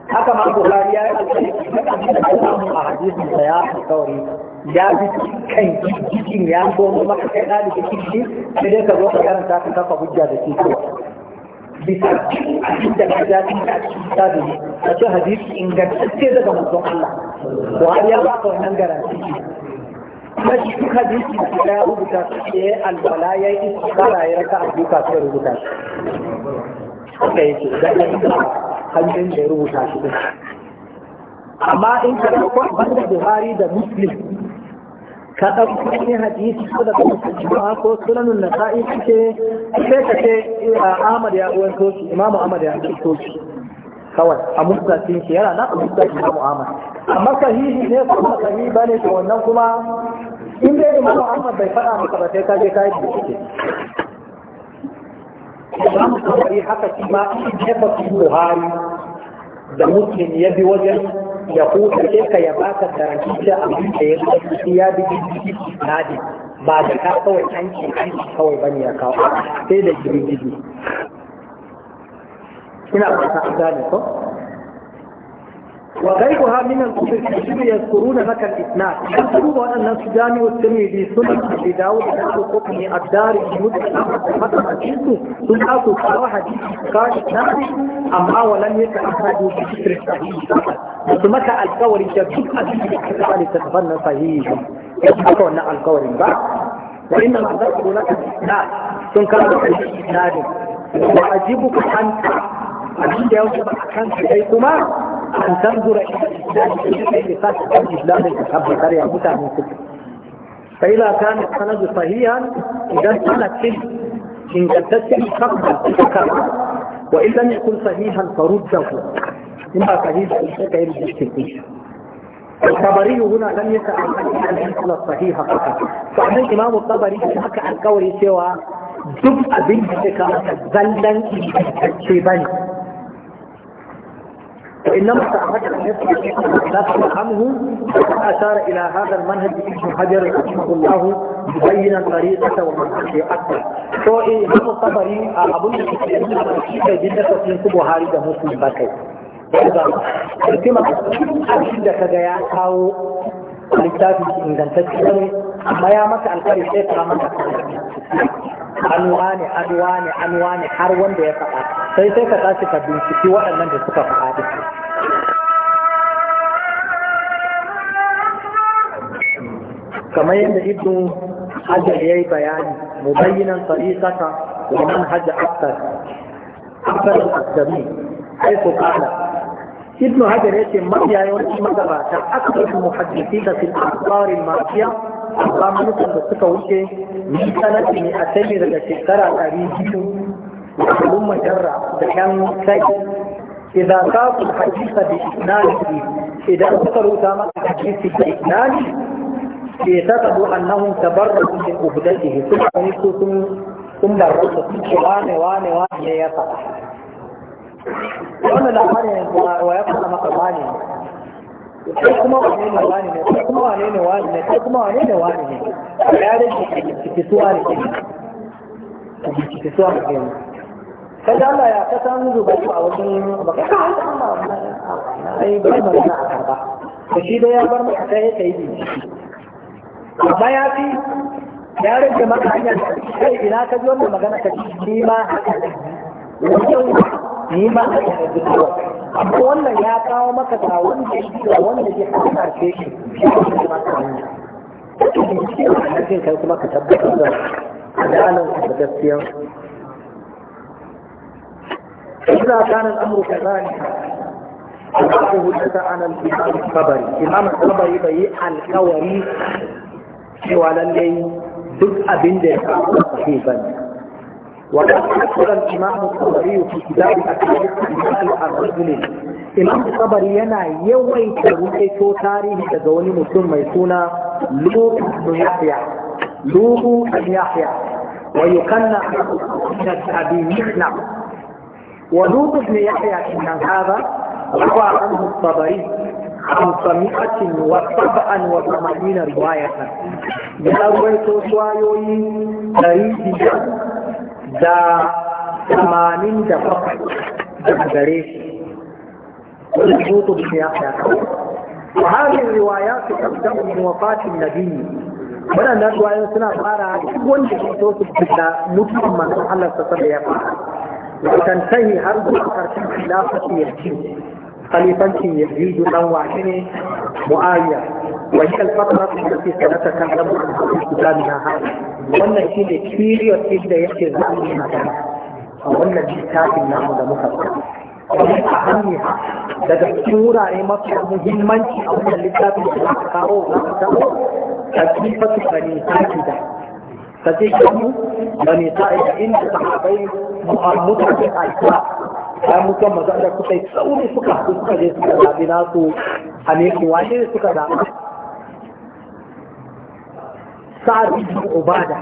haka ma Buhari ya yi alƙalƙi na ƙarfi da a hadisin da ya fi kawai ya bi kan jikin ya goma maka kai da jiki sai dai ka zo ka karanta ka kafa hujja da ke kawai bisa abin ka ja cikin a cikin tabi a cikin hadisi ingantacce daga mutum Allah Buhari ya ba ka wannan garanti haji duk hadisi da ya rubuta su ke albala ya yi iskara ya raka a duka su rubuta shi haka yi su ya yi hanyoyin da ya rubuta shi din amma in ka ɗauko banda buhari da muslim ka ɗauko wani hadisi ko daga musulma ko sunanun nasa'i suke sai ka ce ahmad ya ruwan toshi imamu ahmad ya ruwan toshi kawai a musulacin shi yana na, a musulacin imamu ahmad amma sahihi ne kuma sahihi ba ne to wannan kuma in dai Imam Ahmad bai faɗa maka ba sai ka je ka kai bincike mu Bukhari haka shi ma ya faɗi Buhari da Muslim ya bi wajen ya huta sai ka ya baka garanti da abin da ya fi ya bi bincike nadi ba da ka kawai hanci hanci kawai bane ya kawo sai da girgiji ina fata an gane ko وغيرها من المشركين يذكرون لك الاثنان يذكرون ان السوداني والترمذي سنن ابي داود الدار القطني الداري حتى حديثه سنن كتاب حديث كان اما ولم يتعهدوا بذكر الصحيح وسمك الكوري جبت ابي كتاب تتبنى صحيح ان الكوري بعد وانما ذكروا لك الاثنان ثم كان كتاب الاثنان واجبك انت abin da ya wuce ba أن تنظر إلى الإسلام قرية الحب من كتب فإذا كان السند صحيحا إذا كانت تلك إن تتسم تقبل تكرر وإن لم يكن صحيحا فرده إما صحيح فإن التكرير الطبري هنا لم يتعامل عن المسألة الصحيحة فقط فأنا الإمام الطبري حكى عن قوله سوى duk abin da في zallan وإنما تحرك النفس لا تفهمه أشار إلى هذا المنهج ابن حجر رحمه الله مبينا طريقة ومنهج أكثر فإن هذا الطبري آه، أبو في جدة تنسب هاري دموس من باكي فإنما جدة كجياء أو الكتاب من ذنبك ما يامك الكاري سيطة من أنواني أنواني أنواني حروان بيطاق سيطة تاسفة بنسكي وأنا من جسكة فعادي كما يبدو حجر إليه بيان مبينا طريقة ومنهج أكثر أكثر الأكثرين حيث قال ابن حجر هجر يأتي مرجع يوريش مدرة أكثر المحدثين في الأخبار المعطية أقام نصر بصفة وشي من سنة مئتين رجع شكرا تاريخي وحلوم جرى دحيان سيد إذا صار الحديث بإثنانه إذا أكثر أسامة الحديث بإثنانه اعتقدوا انهم تبرؤوا من عهدته da نسوا ثم برؤوا واني واني واني يا صلاح wannan labarin wa ya fara maka wani ne sai kuma wane ne wani ne sai kuma wane ne wani ne sai kuma wane ne wani ne ya rage fituwa da ke fituwa da ke kai da Allah ya ka san a wajen baka ka ai bai magana a karba ya bar maka kai kai amma ya fi ya rage maka hanyar kai ina ka ji wanda magana ka ni ma wajen ma a kan amma wannan ya kawo maka ga wanda shi da wanda ke hana ce shi shi ka kuma ka tabbatar da adalan da gaskiya إذا كان الأمر كذلك فقد حدث عن الإمام الطبري، الإمام الطبري cewa lallai duk abin da ya samu ba ne وقد أكثر الإمام الطبري في كتاب أكثر عن رجل إمام الطبري ينا يوي ترويتو تاريخ تزوني مسلم ميسونا لوط بن يحيى لوط بن يحيى ويقنع أبي مخنع ولوط بن يحيى إن هذا روى الطبري hamsami'atin wa saba'an wa samanina riwayatan ya rawaito suwayoyi ɗari biyar da tamanin da bakwai daga gare shi wani zuto ya waɗannan ruwayoyin suna fara duk wanda ya so su fita mutuwan manzon Allah ta sallallahu alaihi wasallam har zuwa karshen filafa ya خليفتي يزيد لو عيني مؤاية وهي الفترة التي سنتكلم عن كتابنا هذا وانا كيل كبير وكيل دا يحكي الزعب المكان وانا جيتاك النعم دا مفكر وانا أهميها دا دكتورة اي مطر مهم منشي او من اللي تابع في الاحقاو bayan mutuwan maza da suka yi tsauri suka suka je suka zaɓi nasu a mekin wani ne suka zaɓi sa'ad ibn ubada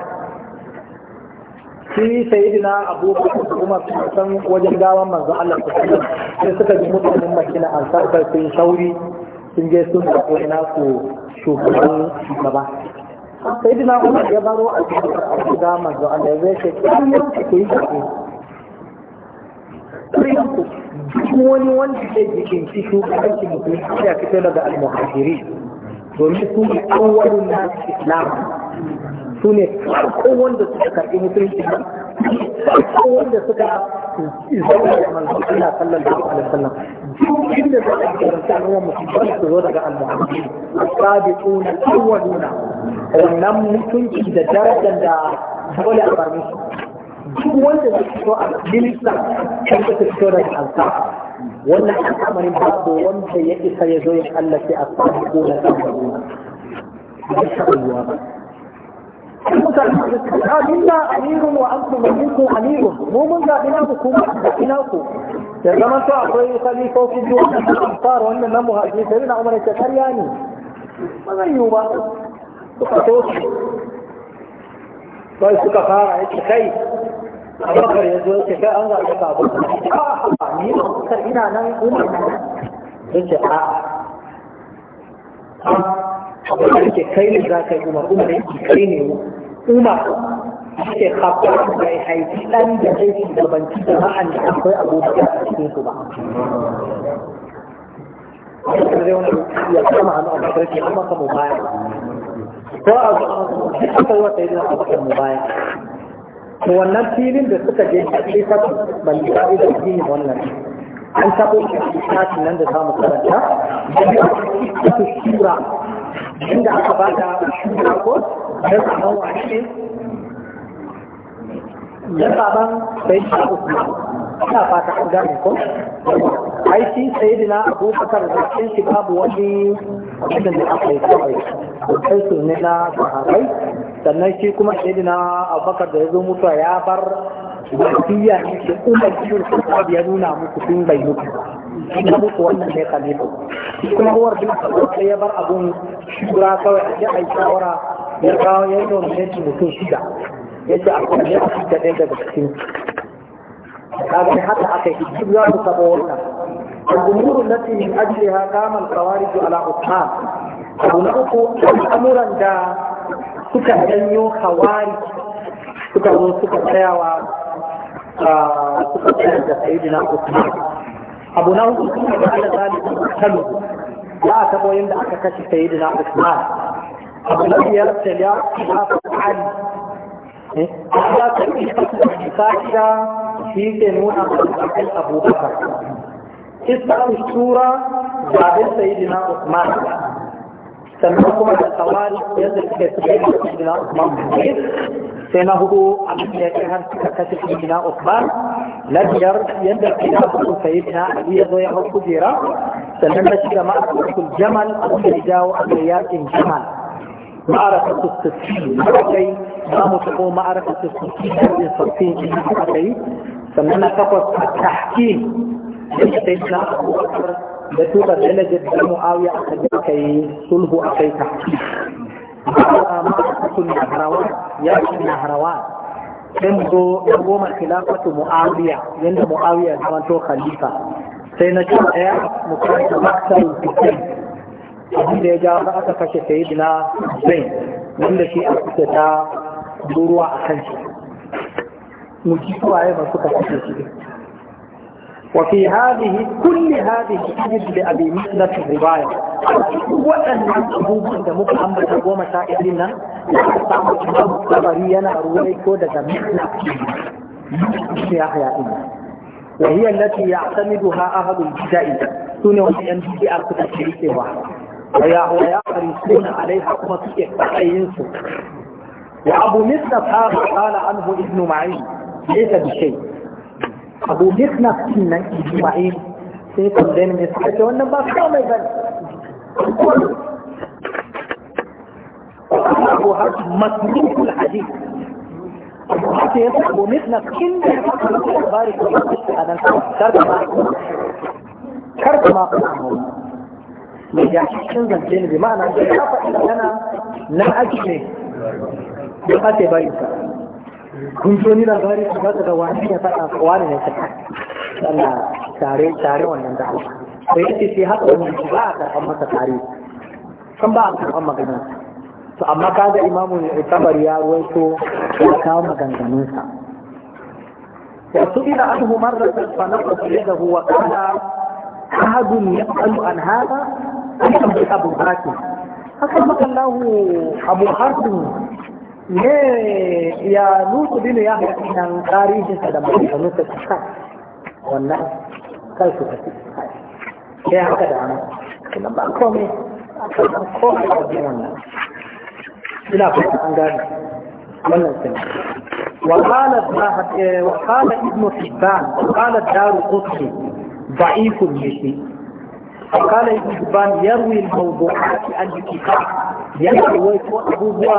shi sayyidina abubakar kuma san wajen gawan manzo Allah su sai suka ji mutanen makina an sarkar sun sauri sun je sun zaɓo ina su shugaban shugaba sayyidina umar ya baro a cikin da manzo Allah ya zai ce kan yanzu ku yi ɗarinku duk wani wanda zai jikin ke jikinci shugabanci musulmi ya fito daga almuhajiri domin su ne awwalin na islam su ne farko wanda suka karɓi musulunci ba farko wanda suka zama da manzon Allah sallallahu alaihi wasallam duk inda za a karanta al'umma musulmi su zo daga almuhajiri asabiquna awwaluna wannan mutunci da darajar da dole a bar duk wanda zai fito a milisa kan ka fito da kansa wannan al'amarin babu wanda ya isa ya zo ya kallace a sami ko na kan gaba ba ta ruwa ba mutane su ka ah, minna amirun wa antum minkum amirun mu mun ga ina ku kuma ina ku da zaman to akwai khalifofi biyu wannan na ansar wannan na muhajiri sai na umar ta karya ne ba zai yiwu ba suka so wai suka fara yake kai abakar ya zo yake kai an zaɓi ka abu ah, ni ina nan ina nan ce ah, a abakar yake kai ne za ka yi umar umar kai ne umar yake haɓar da ya haifi ɗan da zai ci gabanci da ma'an da akwai abubakar a cikin su ba a cikin zai wani ya kama hannu a amma baya ko a aka yi wa sayi na abokan mu baya to wannan filin da suka je a ƙasar balibai da shi ne wannan an taɓo shi nan da zamu karanta da ya fi shura inda aka ba da shura ko da saman wani ne da saman sai shi a usman ina fata an gane ko ai shi sayyidina abubakar da cikin shi babu wani abin da aka yi kawai sai su ne na sahabbai sannan shi kuma sayyidina abubakar da ya zo mutuwa ya bar wasiya ne shi umar bin khattab ya nuna muku tun bai mutu na muku wannan ne khalifa kuma huwar bin khattab sai ya bar abun shura kawai a ji ai shawara ya kawo ya yi nominati mutum shida ce a kwalle a cikin daga cikin kaga haka aka yi duk za su taɓa wannan الأمور التي من أجلها قام الخوارج على عثمان أبو نقو أمرا دا سكا جنيو خوارج سكا جو سكا تياوى آه، سكا تياوى سيدنا عثمان أبو نقو سكا بعد ذلك مختلف لا تبو يمدع كشف سيدنا عثمان أبو نقو يرسل يا علي Allah ta yi fasa da أبو ke nuna a abu bakar isbatu shura zaben sayyidina Usman sannan kuma da tsawari yadda suka tsaye da sayyidina Usman sai na hudu abin da ya kai har suka kashe sayyidina Usman na biyar yadda sayyidina Usman sayyidina Ali ya zo ya hau kujera sannan na shida ma'aikatul jamal abin da ya jawo a yakin jamal معرفة التسكين أكي ما تقوم معرفة التسكين في صفين أكي سمينا فقط التحكيم da sai na abubakar da tura dalajin da mu'awiya aka ji aka yi sulhu a kai ta ya ci na harawa sai mu zo ya goma khilafatu mu'awiya yanda mu'awiya zama to khalifa sai na ci ɗaya mu karanta maksar fitin abinda ya jawo aka kashe sayidina zain wanda shi a kusa ta ruwa a kan shi mu ji suwaye ba suka kashe shi وفي هذه كل هذه تجد لأبي مسند الرواية وأن أبو عند محمد وما سائلنا خبرينا رويكو دجا في أحيائنا وهي التي يعتمدها أهل البدع سنة وأن بدع كتبتها ويا ويحرصون عليها كما تكتبتها وأبو مسند هذا قال عنه ابن معين ليس بشيء ابو قبوليت نفسنا اجمعين سيكون لين نسكت وانا ما فهم ايبان ابو هرش مطلوب الحديث ابو هرش يطلق قبوليت نفسنا بارك الله انا كرت ما كرت ما قلت من يحشي شنزل لين بمعنى انا لا اجمع بقاتي بايسا kun ji wani labari ku zaka ga wani ya faɗa wani ne faɗa Allah tare tare wannan da Allah sai yace sai haka wani ba a karɓar masa tare kan ba a karɓar maganar to amma ga imamu tabar ya ruwaito ya kawo maganganunsa وسئل عنه مرة فنقص يده وقال أحد يسأل عن هذا أنت أبو حاتم أكرمك الله أبو حاتم ne ya lutu bin ya haɗi nan tarihinsa da maganganunsa ta kai wannan kai su tafi kai sai haka da ana kuma ba komai ba komai da bin wannan ina fata an gane wannan sun وقال وقال ابن حبان وقال الدار قطري ضعيف به وقال ابن حبان يروي الموضوعات عن الكتاب yana ruwaito abubuwa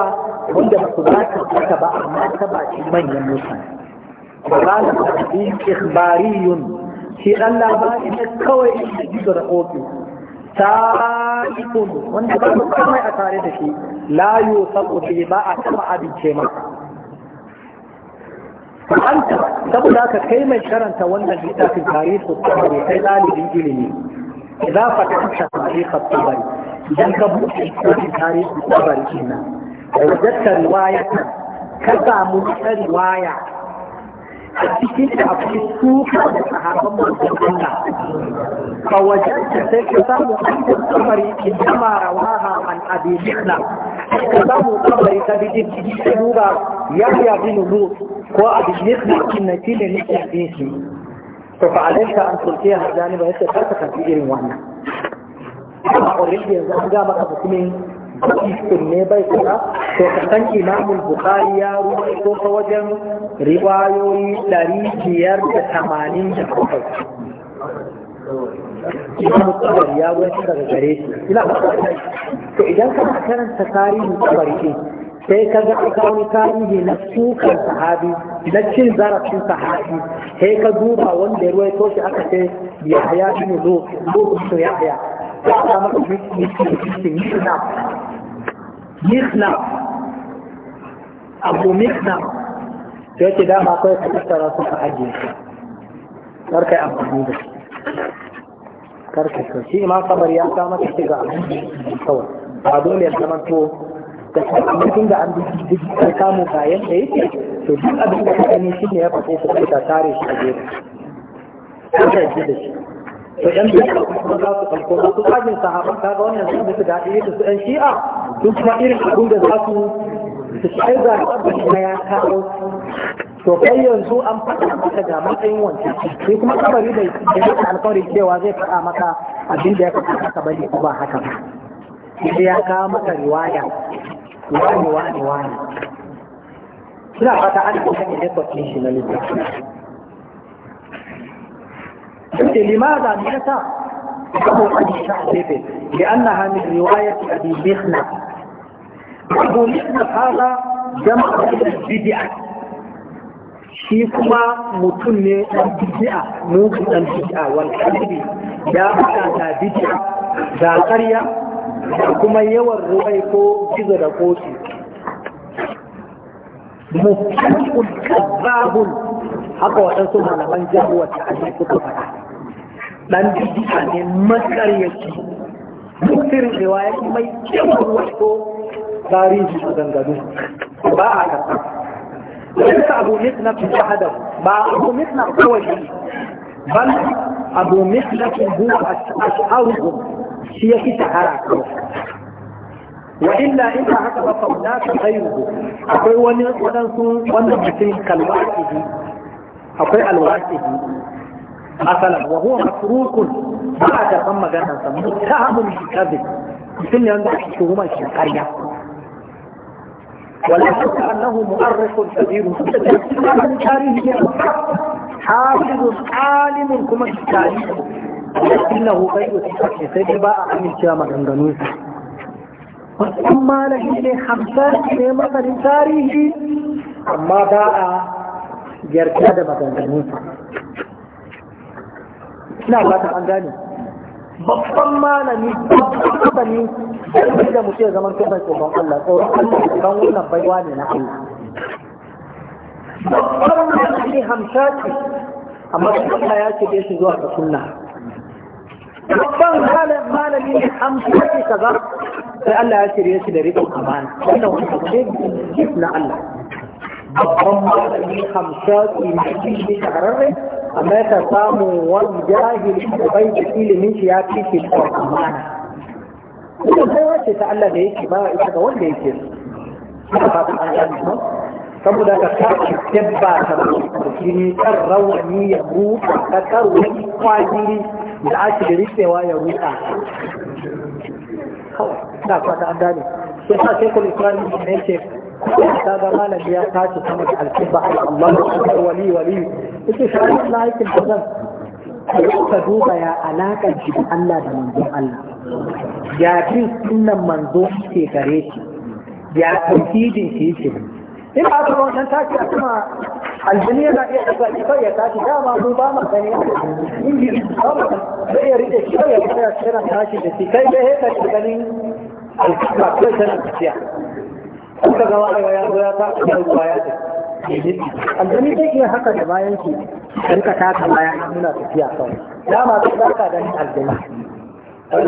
wanda ba su ba ta haka ba amma ta ba shi manyan mutane قال حديث إخباري shi ɗan labari ne kawai da gizo da ƙofi ta ikon wanda ba su kamai a tare da shi layu saboda ba a taɓa abince ma anta saboda ka kai mai karanta wannan littafin tarihi su kuma kai ɗalibin ilimi idza fatanta tarihi tabari idan ka buɗe kotun tarihi kabar kenan da wajatta riwaya ka samu wata riwaya a cikin da akwai suka da sahabban manzon Allah fa wajatta sai ka samu kotun kabari idan ma rawaha an abi mihna ka samu kabari ka bi jiki ka duba yahya bin lut ko abi mihna kin ne ne ne shi to fa alayka an tulkiya janibin yake karka kan irin wannan kuma already yanzu an ga maka hukumin hadisin ne bai kuma to ka san imamul bukhari ya ko ta wajen riwayoyi ɗari biyar da tamanin da bakwai imamu tsabar ya rubuto daga gare shi ina to idan ka karanta tarihin tsabar ɗin sai ka ga ka wani tarihi na sukan sahabi na cin zarafin sahabi sai ka duba wanda ya toshe aka ce ya haya shi ne lokacin ya haya ya ta maka mixnam mixnam abu mixnam da yake dama kawai ka tattara su ka ajiye su karkai amfani da shi karkai shi kamar ya sa maka shi ga abin kawai ba dole ya zama to da sakamakon da an samu bayan da yake to duk abin da ka gani shi ne ya fashe su ka tare shi a Kuka yi da shi. to yan bid'a kuma za su ɗauko masu tsagin sahaban ga wannan sun musu daɗi yadda su ɗan shi'a sun kuma irin abin da za su su kai za su na ya kawo to kai yanzu an faɗa maka ga matsayin wancan sai kuma kabari da ya cewa zai faɗa maka abin da ya faɗa maka bari ko ba haka ba sai ya kawo maka riwaya wani wani wani suna fata an kuma ne ne ko shi na lissafi sai limaza ne ka sa ka ko kadi sha bebe bi anna hani riwayati abi bihna abu bihna shi kuma mutum ne da bid'a mu da bid'a wal kadi ya fada da bid'a da karya, da kuma yawan ruwai ko gizo da koci mutum kuka babu haka waɗansu malaman jihuwa ta ajiye suka fata dan didika ne matsaryaci mutum riwaya mai kyau wato tarihi su dangane ba a kasa wani ta abu mitna fi shahada ba abu mitna kawai ban abu mitna fi buwa a shaharu shi ya fi shahara kawai wa ina haka ba fauna ta tsayu akwai wani waɗansu wanda mutum kalmar ke akwai alwar ke مثلا وهو متروك ما تفهم مجانا متهم بالكذب مثل ينجح شهوما الشرقية ولا شك أنه مؤرخ كبير من تاريخ حافظ عالم كما في التاريخ لكنه غير صحيح سيدي بقى عن الكلام الأندونيسي وأما لكي خمسة في مثل تاريخي أما بقى يركاد مجانا ina fata an gane babban malami babban malami da mu ya zaman kai bai tsoron Allah tsoron Allah ban wannan baiwa ne na Allah babban malami hamshaki amma Allah ya ce shi zuwa ga sunna babban malami ne hamshaki kaza sai Allah ya shirye shi da rikon amana wannan wani abu ne na Allah babban malami hamshaki mai kishi shahararre amma ya samu wani jahili da bai da ilimin shi ya fi shi da amana kuma sai wace ta Allah da yake ba ita ga wanda yake su ba fatan an gani ba saboda ka kaci dabba ta jini kan rawani ya ruka ka karwani kwajiri da ake da rikewa ya ruka kawai da fata an gani sai sa sai kuma islamin ne ce kaga malami ya tashi sama da alkibba Allah ya wali wali yake shari'a na aikin da zan ka duba ya alaƙar shi Allah da manzon Allah ya bin sunnan manzo ke gare shi ya tauhidin shi yake in tashi a kuma aljini yana iya tafiya kifar ya tashi dama mu ba ma sani inji ba ma zai iya rike kifar ya tashi yana tashi da shi kai dai ganin alkifar kuka ga wa'ayi ya zo ya ta da ruwa ya ta aljani zai iya haka da bayan ki rika taka baya nuna tafiya kawai dama zai barka da aljani wani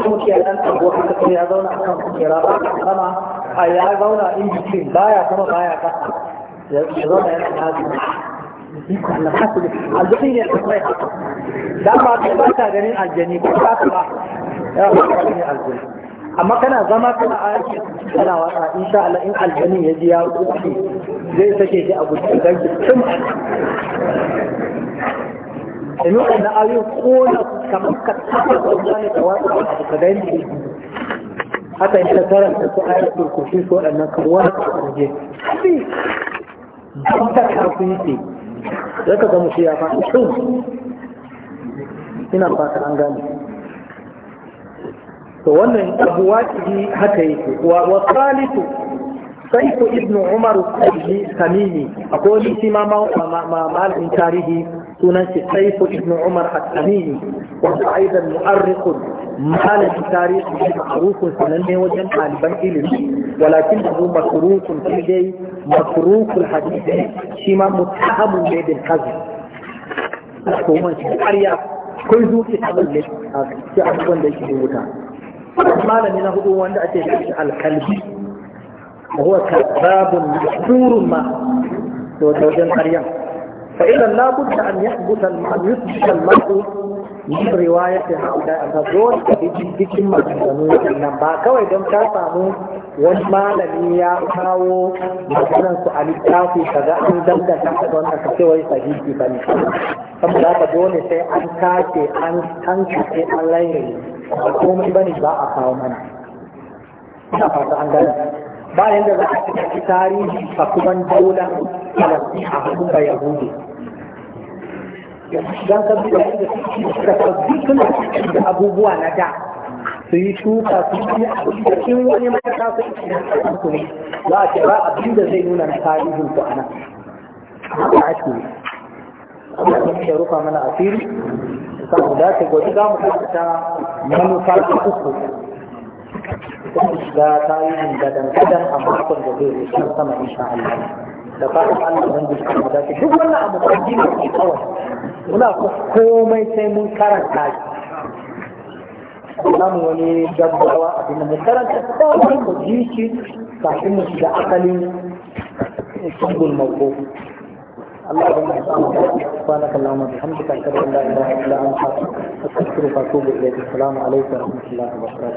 mutum ya dan tabo haka kuma ya zauna a kan kujera ba sama a ya zauna in between baya sama baya kasa ya zauna yana tazi aljani ne ta kai dama zai barka ganin aljani ko ta ba ya barka ganin aljani amma kana zama kana a yake kana wasa insha Allah in aljani ya ji ya wuce zai sake shi a gudun dangi tun domin wannan ayoyin kona kamar ka taɓa ɗauka da wasu abu ka ga yadda haka yi tattara da su ayar turkushi su waɗannan kan wani kuje don ta karfin ce zai ka ga shi ya faɗi ina fata an gane to wannan abu waƙi haka yake wa salisu sai ku ibnu umar samimi akwai wani shi ma malamin tarihi sunan shi sai ku ibnu umar samimi wanda aizan mu'arrikun malamin tarihi shi ma'arufun sananne wajen ɗaliban ilimi walakin da zuwa masurukun shi dai masurukun hadisi shi ma mutahamun ne bin kazi ko man shi ƙarya kai zuci ta balle a cikin abubuwan da yake rubuta malami na hudu wanda ake shi alkalbi huwa kadabun mashhurun ma to wajen karyan fa idan la budda an yahbuta al-ma'ruf riwaya ta haula a zo da cikin maganganun nan ba kawai don ka samu wani malami ya kawo maganar su a littafi ka ga an danganta ta don ka ce wai sahihi ba ne saboda ka dole sai an kace an sai an layi ba komai bane ba a kawo mana ina fata an gani bayan da za a cika tarihi a kuma daular falasɗin a hannun Yahudi. don ka bi da dukkan da abubuwa na da su yi shuka su yi in wani mata su yi su ne za a ce ba abin da zai nuna na tarihin ku ana haka ake Allah ya ya rufa mana asiri samu dace gwaji, za mu ta manufa ta uku da tarihin gadan gadan a makon da zai wuce sama insha Allah da fatan Allah zan ji mu dace duk wannan abu da ji ne kawai muna komai sai mun karanta shi namu wani gaggawa a cikin mu karanta kawai mu ji shi kafin mu shiga asalin sungul mako Allah ya yi samu subhanak Allahumma bihamdika ashhadu an la ilaha illa anta astaghfiruka wa atubu ilayk assalamu alaikum wa rahmatullahi wa barakatuh